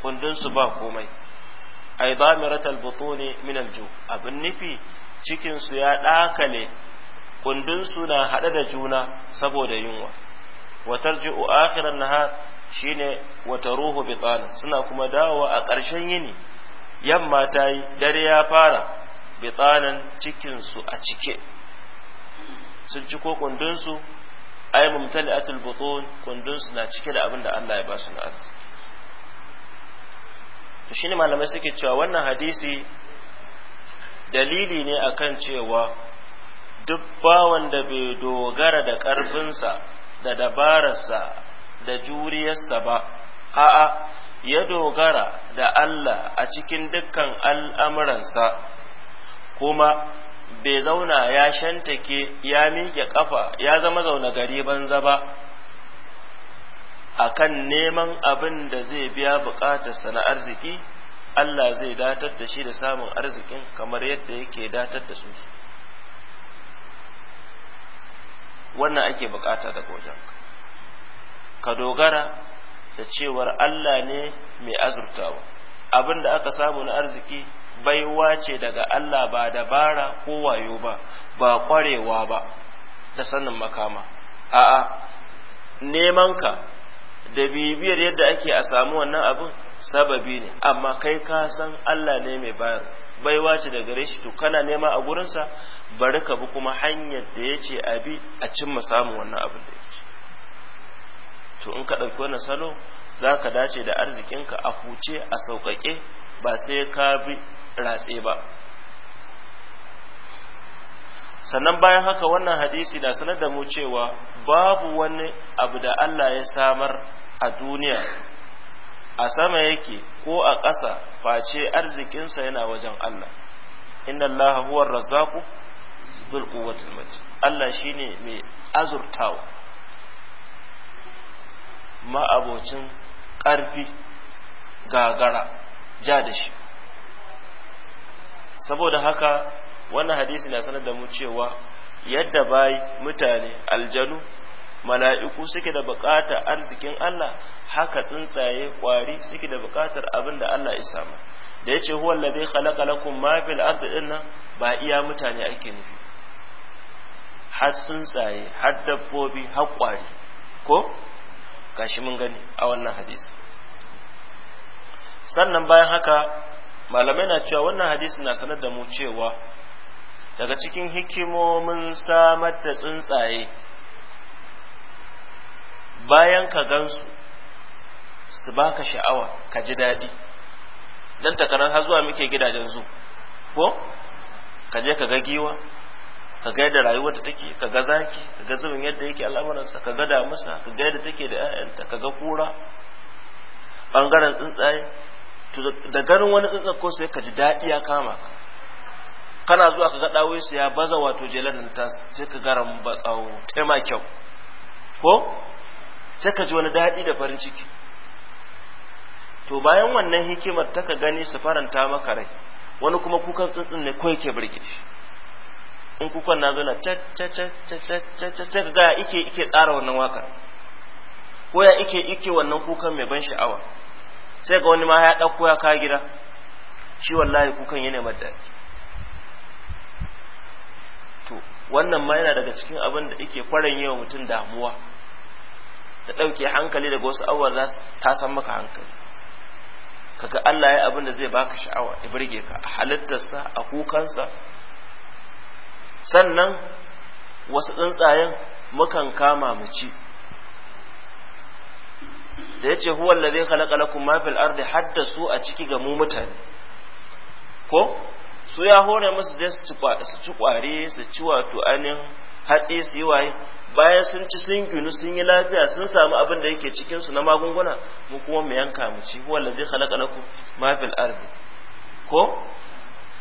kundinsu ba komai ai ba miratal min alju abin nufi cikinsu ya ɗakale kundinsu na haɗe da juna saboda yunwa wa tarji'u akhiran naha shine wa taruhu bitana suna kuma dawowa a ƙarshen yini yamma ta yi dare ya fara bitsanan cikin su a cike sun ci ko kundin ay mumtali'atul butun kundin na cike da abinda Allah ya ba su na arzi. to shine malamai suke cewa wannan hadisi dalili ne akan cewa duk bawan da bai dogara da ƙarfinsa da dabararsa da juriyarsa ba a'a ya dogara da Allah a cikin dukkan al'amuransa kuma bai zauna ya shantake ya miƙe ƙafa ya zama zauna gari banza ba A kan neman abin da zai biya buƙatarsa na arziki Allah zai datar da shi da samun arzikin kamar yadda yake datar da su wannan ake bukata da wajen ka dogara da cewar Allah ne mai azurtawa abin da aka samu na arziki baiwa ce daga Allah ba dabara ko wayo ba ba kwarewa ba da sanin makama a'a neman ka da bibiyar yadda ake a samu wannan abin sababi ne amma kai ka san Allah ne mai bayarwa baiwa ce da gare shi to kana nema a gurinsa bari ka bi kuma hanyar da ya ce a bi a cimma samun wannan abin da ya ce to in ka ɗauki wannan salo za ka dace da arzikinka a huce a sauƙaƙe ba sai ka bi ratse ba sannan bayan haka wannan hadisi na sanar da mu cewa babu wani abu da Allah ya samar a duniya a sama yake ko a ƙasa face arzikinsa yana wajen Allah inna Allah huwa razzaqu dhul quwwatil matin Allah shine mai azurtawa ma abocin ƙarfi gagara ja da shi saboda haka wannan hadisi na sanar da mu cewa yadda bai mutane aljanu mala'iku suke da buƙatar arzikin Allah haka tsuntsaye kwari suke da buƙatar abin da Allah ya samu da yace huwa alladhi khalaqa lakum ma fil ardi nan ba iya mutane ake nufi har tsuntsaye har dabbobi har kwari ko gashi mun gani a wannan hadisi sannan bayan haka malamai na cewa wannan hadisi na sanar da mu cewa daga cikin hikimomin samar da tsuntsaye bayan ka gansu su baka sha'awa ka ji daɗi dan takarar har zuwa muke gidajen zu ko ka je ka ga giwa ka ga yadda rayuwar ta take ka ga zaki ka ga zubin yadda yake al'amuransa ka ga damusa ka ga yadda take da 'ya'yanta ka ga kura bangaren tsuntsaye da ganin wani tsuntsa ko sai ka ji daɗi ya kama ka kana zuwa ka ga ɗawai su ya baza wato jelar nan ta sai ka garan ba tsawo tema kyau ko sai ka ji wani daɗi da farin ciki to bayan wannan hikimar ta ka gani su faranta maka rai wani kuma kukan tsuntsun ne ko yake burge shi in kukan na zana sai ike tsara wannan waka ko ya ike ike wannan kukan mai ban sha'awa sai ga wani ma ya ɗauko ya ka gida shi wallahi kukan yana madaki to wannan ma yana daga cikin abin da yake kwaran yawa mutum damuwa ta ɗauke hankali daga wasu awar za ta san maka hankali ka ga Allah ya abin da zai baka sha'awa ya burge ka a halittarsa a kukansa sannan wasu tsuntsayen mukan kama mu ci da yace huwa allazi khalaqa lakum ma fil ardi hatta su a ciki ga mu mutane ko su ya hore musu je su ci kwari su ci wato anin hatsi su yi waye bayan sun ci sun ginu sun yi lafiya sun samu abin da yake cikin su na magunguna mu kuma mu yanka mu ci huwa allazi khalaqa lakum ma fil ardi ko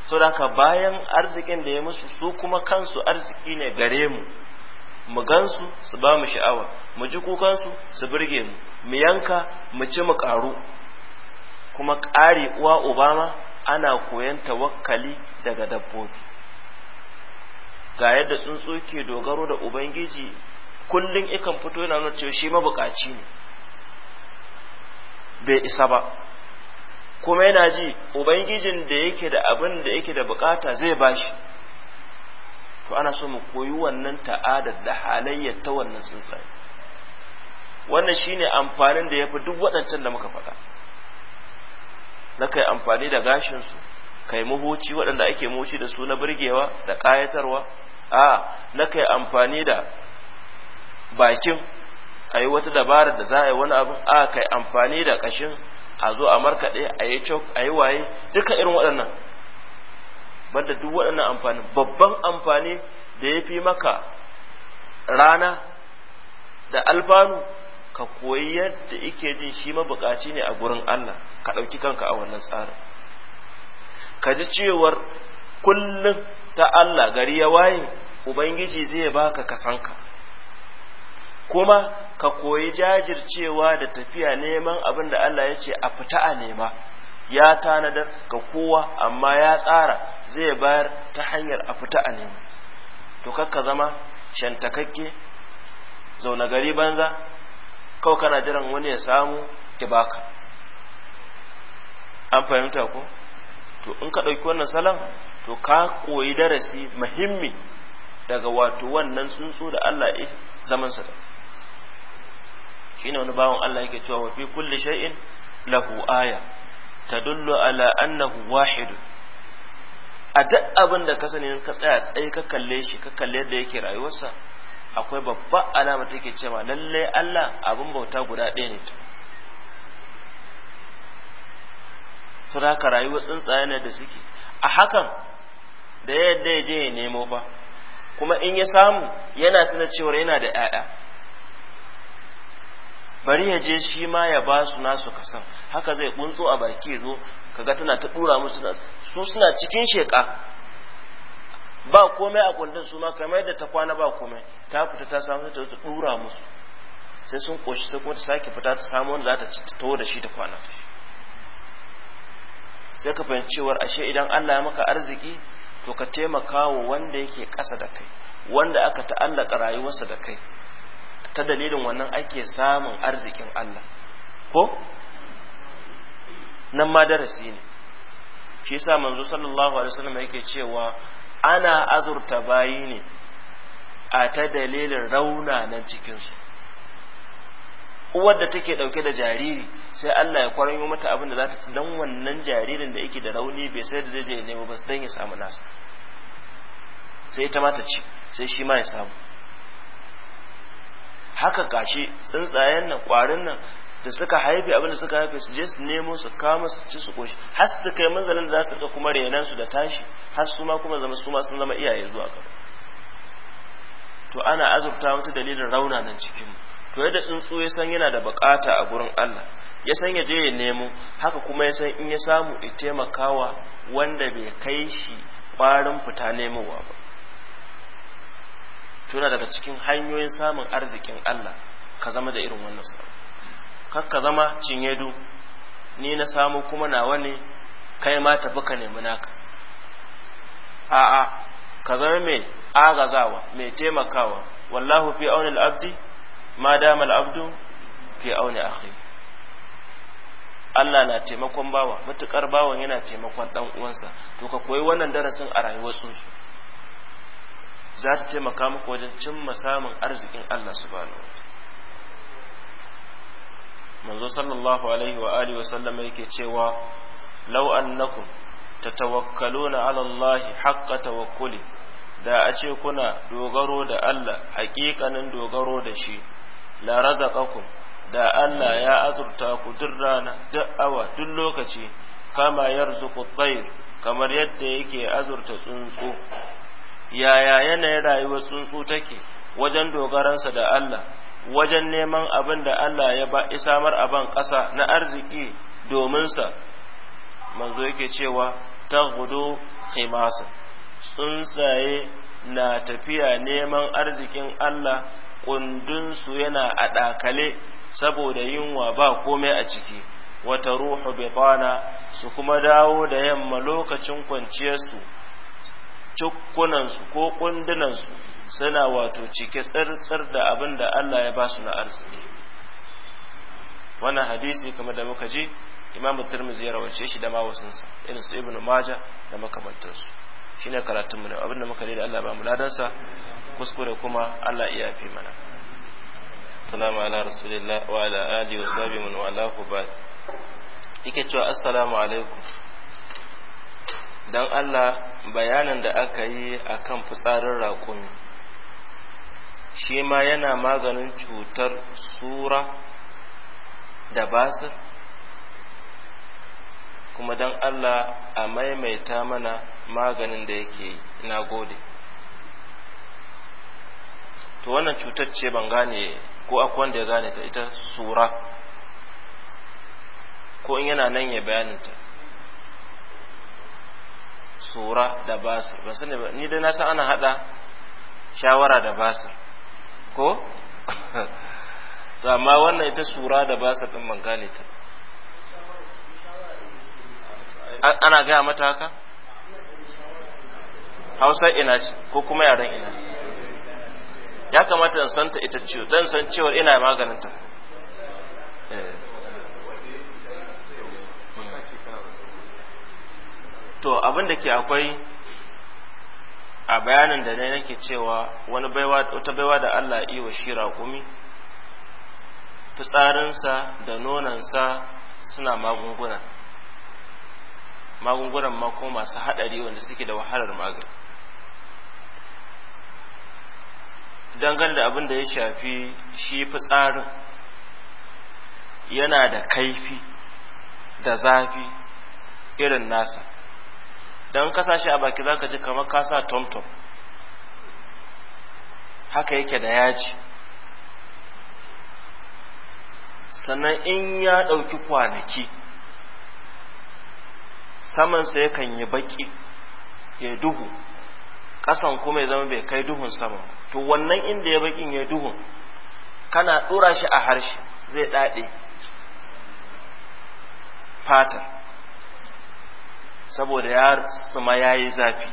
so haka bayan arzikin da ya musu su kuma kansu arziki ne gare mu mu gansu su ba mu sha'awa mu ji kukansu su burge mu mu yanka mu ci mu karu kuma ƙari uwa obama ana koyan tawakkali daga dabbobi ga yadda tsuntsu ke dogaro da ubangiji kullum ikan fito yana nuna cewa shi mabukaci ne bai isa ba kuma yana ji ubangijin da yake da abin da yake da bukata zai bashi to ana so mu koyi wannan ta'ada da halayyar ta wannan tsuntsaye wannan shine amfanin da ya fi duk waɗancan da muka faɗa na kai amfani da gashinsu kai muhuci waɗanda ake mahoci da su na burgewa da ƙayatarwa a na kai amfani da bakin a yi wata dabara da za a yi wani abu a kai amfani da ƙashin a zo a markaɗe a yi cok a yi waye duka irin waɗannan banda duk waɗannan amfani babban amfani da ya fi maka rana da alfanu ka koyi yadda ike jin shi mabukaci ne a gurin Allah ka ɗauki kanka a wannan tsarin ka ji cewar kullum ta Allah gari ya waye ubangiji zai baka kasanka kuma ka koyi jajircewa da tafiya neman abin da Allah ya ce a fita a nema ya tanadar ga kowa amma ya tsara zai bayar ta hanyar a fita a nema to kakka zama shantakakke zaune gari banza kau kana jiran wani ya samu ya baka an fahimta ko to in ka ɗauki wannan salon to ka koyi darasi muhimmi daga wato wannan tsuntsu da Allah ya zaman sa shine wani bawon Allah yake cewa wa fi kulli shay'in lahu aya tadullu ala annahu wahid a duk abin da ka sani ka tsaya tsaye ka kalle shi ka kalle yadda yake rayuwarsa akwai babba alama take cewa lalle Allah abin bauta guda ɗaya ne ta ka rayuwa tsuntsaye ne da suke a hakan da yadda ya je ya nemo ba kuma in ya samu yana tuna cewa yana da 'ya'ya bari ya je shi ma ya ba su nasu kasan haka zai kuntso a baki zo kaga tana ta dura musu su suna cikin sheka ba komai a kullun su ma kamar yadda ta kwana ba komai ta fita ta samu ta dura musu sai sun koshi sai kuma ta sake fita ta samu wanda za ta ci da shi ta kwana sai ka fahimci cewar ashe idan Allah ya maka arziki to ka taimaka wa wanda yake ƙasa da kai wanda aka ta'allaka rayuwarsa da kai ta dalilin wannan ake samun arzikin Allah ko nan ma darasi ne shi yasa manzo sallallahu alaihi wasallam yake cewa ana azurta bayi ne a ta dalilin rauna nan su uwar da take dauke da jariri sai Allah ya kwaranyo mata abin da za ta ci dan wannan jaririn da yake da rauni bai sai da zai je nemo ba dan ya samu nasa sai ta mata ci sai shi ma ya samu haka gashi tsuntsayen nan kwarin nan da suka haife abin da suka haife su je su nemo su kama su ci su koshi har su kai manzalin za su ga kuma renan su da tashi har su ma kuma zama su ma sun zama iyaye zuwa gaba to ana azurta wata dalilin rauna nan cikin mu to yadda tsuntsu ya san yana da bukata a gurin Allah ya san ya je ya nemo haka kuma ya san in ya samu ya taimakawa wanda bai kai shi kwarin fita nemowa ba tuna daga cikin hanyoyin samun arzikin Allah ka zama da irin wannan sa kar ka zama cinyedu ni na samu kuma nawa ne kai ma tafi ka nemi naka a'a ka zama mai agazawa mai taimakawa wallahu fi aunil abdi ma damal abdu fi auni akhi Allah na taimakon bawa matukar bawan yana taimakon dan uwansa to ka koyi wannan darasin a rayuwar su za ta taimaka muku wajen cimma samun arzikin Allah subhanahu manzo sallallahu alaihi wa alihi wa sallam yake cewa law annakum tatawakkaluna ala Allah haqqa tawakkuli da a ce kuna dogaro da Allah haƙiƙanin dogaro da shi la razaqakum da Allah ya azurta ku duk rana duk duk lokaci kama yarzuqu tayr kamar yadda yake azurta tsuntsu yaya yanayin rayuwar tsuntsu take wajen dogaransa da Allah wajen neman abin da Allah ya ba isamar aban ƙasa na arziki domin sa, manzo yake cewa ta gudu khimasa tsuntsaye na tafiya neman arzikin Allah kundinsu yana a ɗakale saboda yunwa ba komai a ciki wata ruhu bifana su kuma dawo da yamma lokacin kwanciyarsu Cukunansu ko kundunansu suna wato cike tsirtsir da abin da Allah ya ba su na arziki wannan hadisi kuma da muka ji imamu turmizi ya rawace shi da mawasinsa irin su ibnu maja da makamantarsu shine karatun mu ne abinda muka da Allah ba mu ladansa kuskure kuma Allah iya fi mana salamu ala rasulillah wa ala alihi wa sahbihi man walahu ba yake cewa assalamu alaikum dan Allah bayanan da aka yi akan fitsarin raƙumi shi ma yana maganin cutar sura da basir kuma don Allah a maimaita mana maganin da yake na gode to wannan cutar ce ban gane ko akwai wanda ya gane ta ita sura ko in yana nan ya bayaninta sura da basir ba sani ba ni dai na san ana hada shawara da basir ko to amma wannan ita sura da basir ɗin ban gane ta ana gaya mata haka hausa ina ce ko kuma yaren ina ya kamata in santa ita ciwo dan san cewar ina maganin eh. to abin da ke akwai a bayanin da ne nake cewa wani baiwa wata baiwa da Allah yi wa shi raƙumi fitsarinsa da nonansa suna magunguna magungunan ma kuma masu haɗari wanda suke da wahalar magani dangane da abin da ya shafi shi fitsarin yana da kaifi da zafi irin nasa don kasashe a baki zaka ji kamar kasa tomtom haka yake da yaji sannan in ya ɗauki kwanaki samansa yakan yi baki ya duhu kasan kuma ya zama bai kai duhun sama to wannan inda ya bakin ya duhu kana ɗora shi a harshe zai ɗaɗe fata saboda ya suma ya yi zafi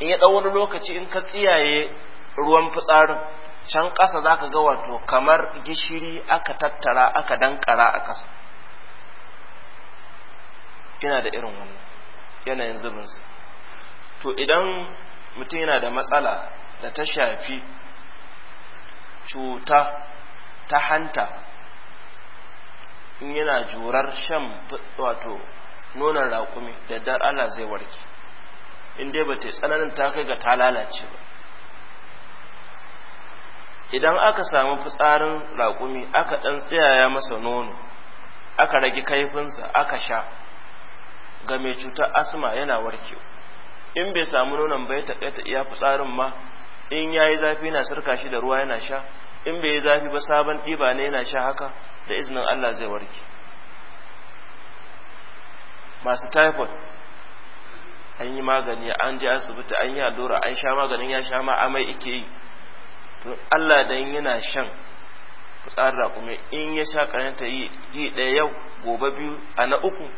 in ya ɗau wani lokaci in ka tsiyaye ruwan fitsarin can ƙasa za ka ga wato kamar gishiri aka tattara aka dankara a ƙasa yana da irin wannan yanayin su to idan mutum yana da matsala da ta shafi cuta ta hanta in yana jurar shan wato nonon raƙumi da dar Allah zai warke in dai ba ta tsananin ta kai ga ta lalace ba idan aka samu fitsarin raƙumi aka ɗan tsayaya masa nono aka rage kaifinsa aka sha ga mai cutar asma yana warkewa in bai samu nonon bai ta ta iya fitsarin ma in ya yi zafi na sirka shi da ruwa yana sha in bai yi zafi ba sabon ɗiba ne yana sha haka da izinin Allah zai warke masu typhoid an yi magani an je asibiti an yi allura an sha maganin ya sha ma amai ike yi to Allah dan yana shan fitsarin rakumi in ya sha karanta yi ɗaya yau gobe biyu a na uku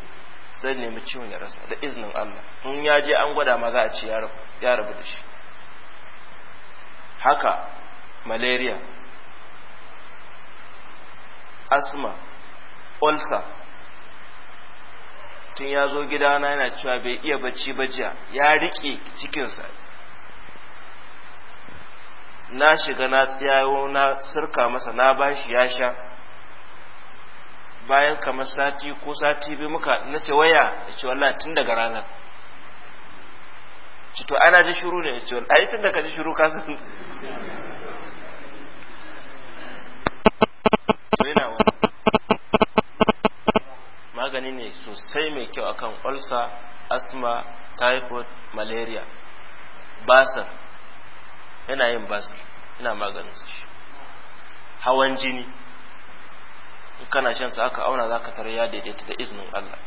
zai nemi ciwon ya rasa da iznin Allah in ya je an gwada ma za a ce ya rabu da shi haka malaria asma ulcer tun ya zo gidana yana cewa bai iya bacci ba jiya ya riƙe cikinsa na shiga na tsayawo na sirka masa na bashi ya sha bayan kamar sati ko sati bi muka na ce waya ya ce wallahi tun daga ranar ci to ana ji shiru ne ya ce wallahi tun daga ji shiru ka san magani ne sosai mai kyau akan ulcer asma typhoid malaria basar yana yin basar ina maganin shi hawan jini in kana shan sa aka auna zaka tare ya daidaita da iznin Allah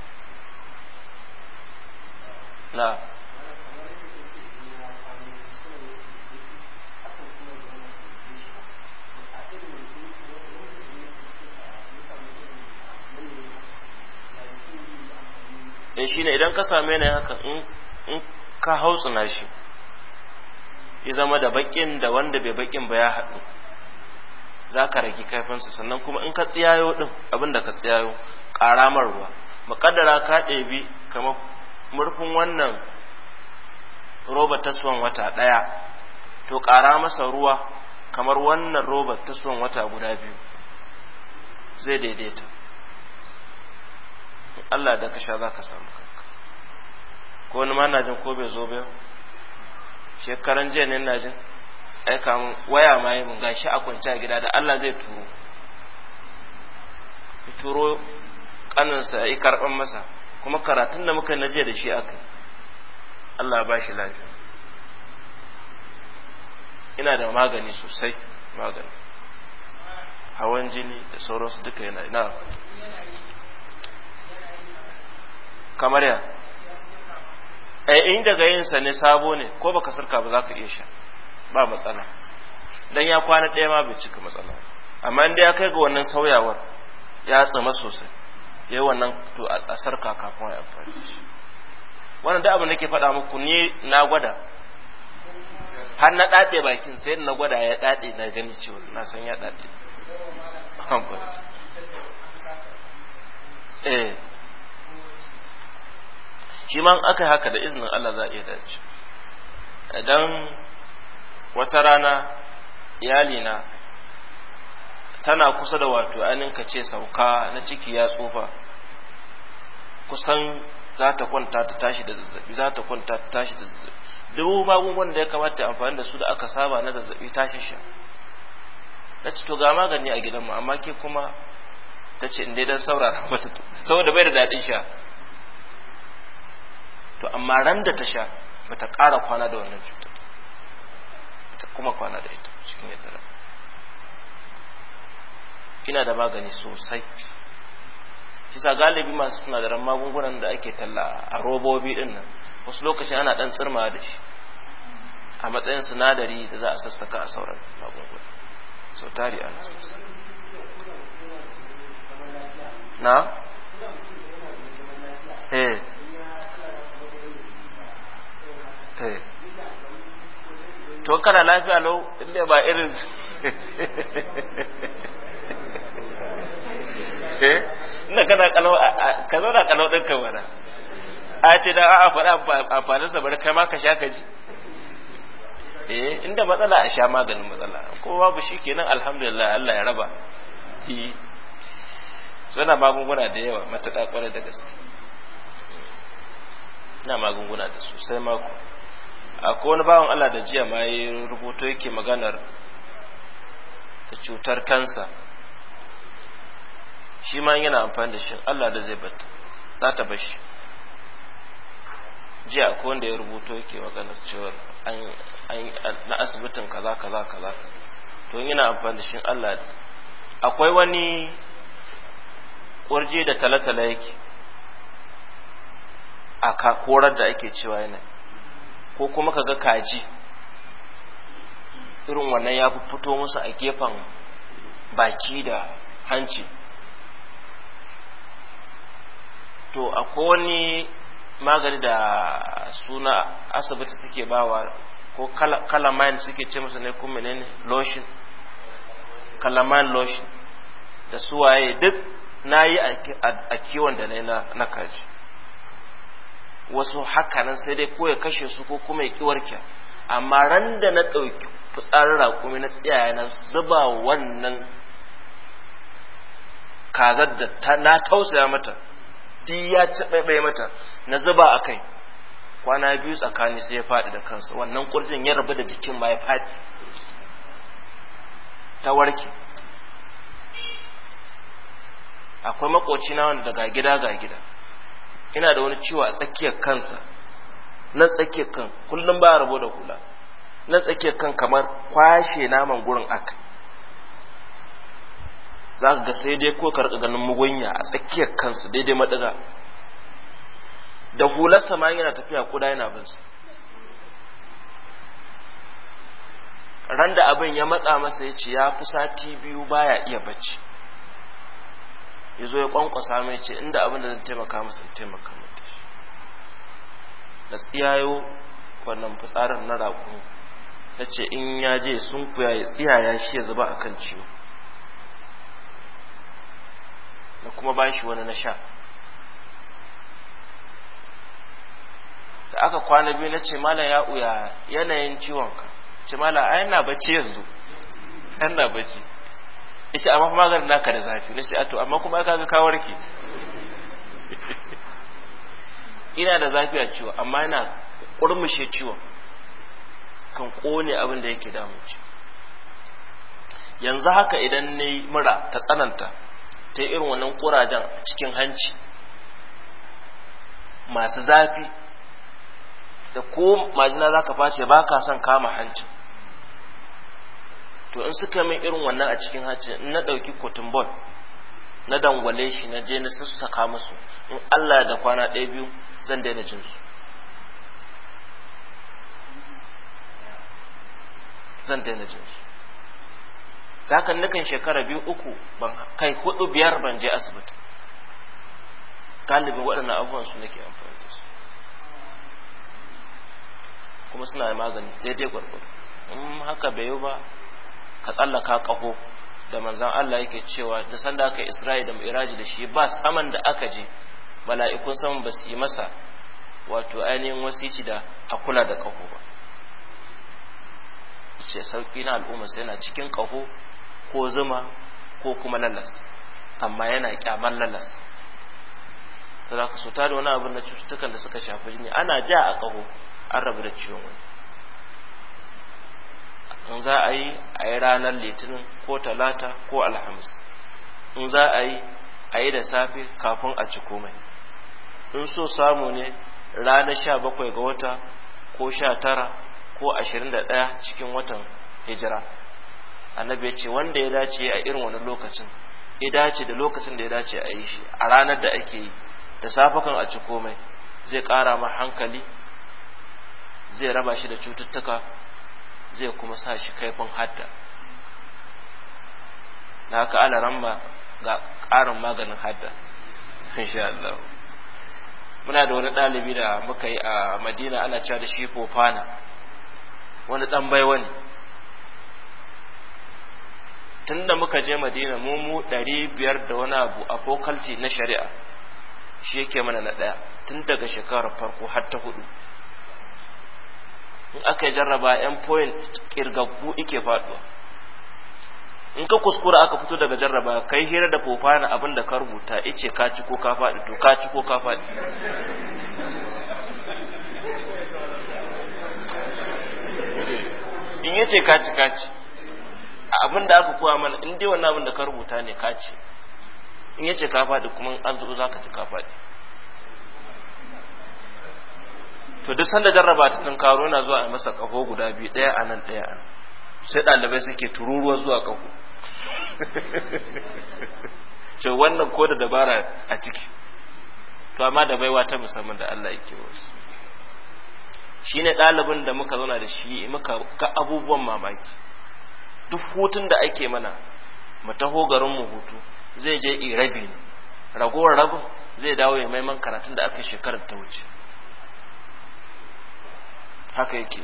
la e eh, shine ne idan ka same ni haka in ka hautsina shi ya zama da bakin da wanda bai bakin ba ya haɗu za ka rage kaifinsa sannan kuma in ka tsiyayo din abin da ka tsiyayo karamar ruwa maƙaddara ka ɗebi kamar murfin wannan robar taswan wata ɗaya to ƙara masa ruwa kamar wannan robar taswan wata guda biyu zai daidaita Allah da ka sha za ka samu kanka ko wani ma na jin ko bai zo bai yau shekaran jiya ne na jin Ai mun waya ma yi mun gashi a kwanci a gida da Allah zai turo turo kaninsa ya yi karɓan masa kuma karatun da muka naje da shi aka Allah ba shi lafiya ina da magani sosai magani hawan jini da sauransu duka yana ina kamar ya a eh, daga yinsa ne sabo ne ko baka sarka ba za ka iya sha ba matsala dan ya kwana ɗaya ma bai cika matsala amma inda ya kai ga wannan sauyawar ya tsama sosai ya yi wannan to a sarka kafin ya amfani shi wannan da abu nake faɗa muku ni na gwada har na ɗaɗe bakin sai na gwada ya ɗaɗe na gani cewa na san ya ɗaɗe eh shi ma aka haka da izinin Allah za a iya dace idan wata rana iyalina tana kusa da wato ainihin ka ce sauka na ciki ya tsufa kusan za ta kwanta ta tashi da zazzabi za ta kwanta ta tashi da zazzabi dubu magungunan da ya kamata amfani da su da aka saba na zazzabi ta shi na ce to ga magani a gidanmu amma ke kuma ta ce in dai dan saurara mata saboda bai da daɗin sha to amma ran da ta sha bata ƙara kwana da wannan cutar ta kuma kwana da ita cikin yadda ina da magani sosai kisa galibi masu sinadaran magungunan da ake talla a robobi din nan wasu lokacin ana dan tsirma da shi a matsayin sinadari da za a sassaka a sauran magunguna so tari ana na eh eh to kana lafiya lau inda ba irin eh ina kana kalau ka zauna kalau din ka wada a ce da a faɗa amfanin sa bari kai ma ka sha ka ji eh inda matsala a sha maganin matsala ko babu shikenan alhamdulillah Allah ya raba suna magunguna da yawa matuƙa kwarai da gaske na magunguna da sosai mako akwai wani bawan Allah da jiya ma ya rubuto yake maganar da cutar kansa shi ma yana amfani da shi Allah da zai bata za ta bashi jiya akwai wanda ya rubuto yake maganar cewar na asibitin kaza kaza kaza to yana amfani da shi Allah akwai wani kurje da talatala yake a korar da ake cewa yanayi ko kuma ka ga kaji irin wannan ya fito musu a gefen baki da hanci to a wani magani da suna asibiti suke bawa ko calamine suke ce musu ne kuma ne lotion calamine lotion da suwaye duk na yi a kiwon da na kaji wasu hakanan sai dai ko ya kashe su ko kuma ya ki warke amma ran da na ɗauki fitsarin raƙumi na tsiyaya na zuba wannan kazar da ta na tausaya mata di ya ci mata na zuba a kai kwana biyu tsakani sai ya faɗi da kansa wannan ƙurjin ya rabu da jikin ma ya faɗi ta warke akwai makoci na wanda daga gida ga gida ina da wani ciwo a tsakiyar kansa na tsakiyar kan kullum ba rabo da hula na tsakiyar kan kamar kwashe naman gurin aka za ka ga sai dai ko ka rika ganin mugunya a tsakiyar kansa daidai maɗiga. da hularsa ma yana tafiya kuda yana bin su ran da abin ya matsa masa ya ce ya fi sati biyu baya iya bacci ya zo ya kwankwasa mai ce inda abin da zan taimaka musu taimaka mata shi da tsiyayo wannan fitsarin na raku ta ce in ya je sun kuya ya tsiyaya shi ya zuba a kan ciwo na kuma ba shi wani na sha da aka kwana biyu na ce mala ya uya yanayin ciwonka ce mala ai na bacci yanzu ɗan na bacci ce amma kuma maganin naka da zafi nace a to amma kuma kaga ka warke ina da zafi a ciwo amma yana kurmushe ciwon kan kone abin da yake damu ci yanzu haka idan ne mura ta tsananta ta irin wannan kurajen cikin hanci masu zafi da ko majina za ka face ba ka son kama hanci. to in suka min irin wannan a cikin hajji in na ɗauki cotton ball na dangwale shi na je na sassaka musu in Allah da kwana ɗaya biyu zan daina jin su zan daina jin su da hakan kan shekara biyu uku ban kai hudu biyar ban je asibiti galibin waɗannan abubuwan su nake amfani da su kuma suna magani daidai gwargwado in haka bai yi ba ka tsallaka ƙaho da manzan Allah yake cewa da sanda aka Isra'i da Miraji da shi ba saman da aka je mala'ikun saman ba su yi masa wato ainihin wasici da a kula da ƙaho ba ce sauƙi na al'umma sai yana cikin ƙaho ko zuma ko kuma lalas amma yana ƙyamar lalas to da ka so da wani abin na cututtukan da suka shafi jini ana ja a ƙaho an rabu da ciwon wani in za a yi a yi ranar litinin ko talata ko alhamis in za a yi a yi da safe kafin a ci komai in so samu ne ranar sha bakwai ga wata ko sha tara ko ashirin da ɗaya cikin watan hijira annabi ya ce wanda ya dace a irin wani lokacin ya dace da lokacin da ya dace a yi shi a ranar da ake yi da safe kan a ci komai zai ƙara ma hankali zai raba shi da cututtuka zai kuma sa shi kaifin hadda da haka ala ramma ga ƙarin maganin hadda insha Allah muna da wani ɗalibi da muka yi a madina ana cewa da shi fofana wani ɗan baiwa ne tun muka je madina mu mu ɗari biyar da wani abu a fokalti na shari'a shi yake mana na ɗaya tun daga shekarar farko har ta hudu in aka jarraba yan point kirgaggu ike faduwa in ka kuskura aka fito daga jarraba kai hira da fofana abin da ka rubuta ice ka ci ko ka faɗi to ka ci ko ka faɗi in yace ka ci ka ci abin da aka koya mana in dai wannan abin da ka rubuta ne ka ci in yace ka faɗi kuma an zo za ka ci ka faɗi to duk sanda jarraba ta tunkaro yana zuwa a masa kaho guda biyu ɗaya a nan ɗaya a sai ɗalibai suke tururuwa zuwa kaho ce wannan ko da dabara a ciki to amma da baiwa ta musamman da Allah yake wasu shi ne ɗalibin da muka zauna da shi muka ga abubuwan mamaki duk hutun da ake mana mu taho garin mu hutu zai je irabi ne ragowar rabin zai dawo ya maiman karatun da aka shekarar ta wuce haka yake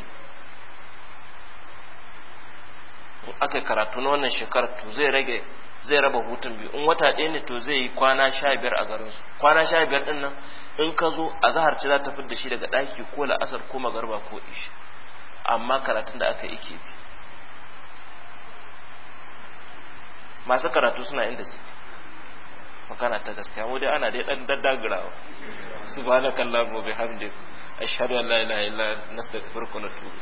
in aka karatu na wannan shekarar to zai rage zai raba hutun biyu in wata ɗaya ne to zai yi kwana sha biyar a garinsu kwana sha biyar ɗin nan in ka zo a zahar ci za ta fi da shi daga ɗaki ko la'asar ko magarba ko ishi amma karatun da aka yi ke bi masu karatu suna inda su makana ta gaskiya mu dai ana dai ɗan daddagirawa hamdi su ashhadu an la ilaha illa anta nastaghfiruka wa natubu